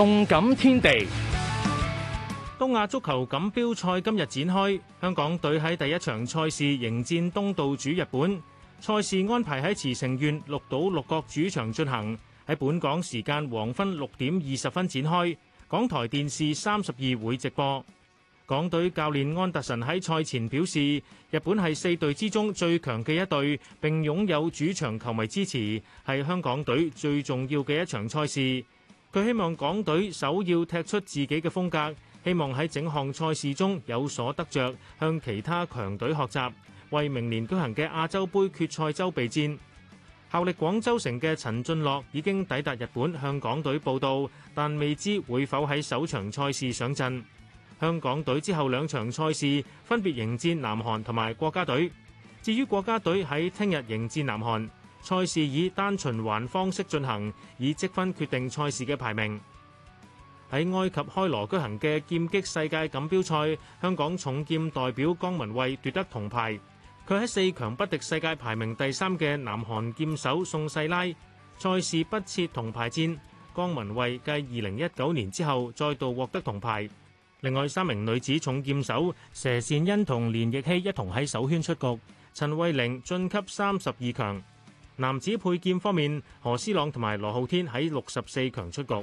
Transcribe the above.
動感天地，東亞足球錦標賽今日展開，香港隊喺第一場賽事迎戰東道主日本。賽事安排喺慈城縣六島六角主場進行，喺本港時間黃昏六點二十分展開。港台電視三十二會直播。港隊教練安達臣喺賽前表示，日本係四隊之中最強嘅一隊，並擁有主場球迷支持，係香港隊最重要嘅一場賽事。佢希望港隊首要踢出自己嘅風格，希望喺整項賽事中有所得着，向其他強隊學習，為明年舉行嘅亞洲盃決賽周備戰。效力廣州城嘅陳俊樂已經抵達日本向港隊報到，但未知會否喺首場賽事上陣，香港隊之後兩場賽事分別迎戰南韓同埋國家隊，至於國家隊喺聽日迎戰南韓。賽事以單循環方式進行，以積分決定賽事嘅排名。喺埃及開羅舉行嘅劍擊世界錦標賽，香港重劍代表江文蔚奪得銅牌。佢喺四強不敵世界排名第三嘅南韓劍手宋世拉。賽事不設銅牌戰，江文蔚繼二零一九年之後再度獲得銅牌。另外三名女子重劍手佘善恩同連奕希一同喺首圈出局，陳慧玲晉，晉級三十二強。男子佩劍方面，何思朗同埋羅浩天喺六十四強出局。